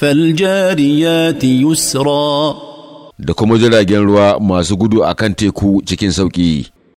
faljariyati yusra da kuma jiragen ruwa masu gudu a kan teku cikin sauƙi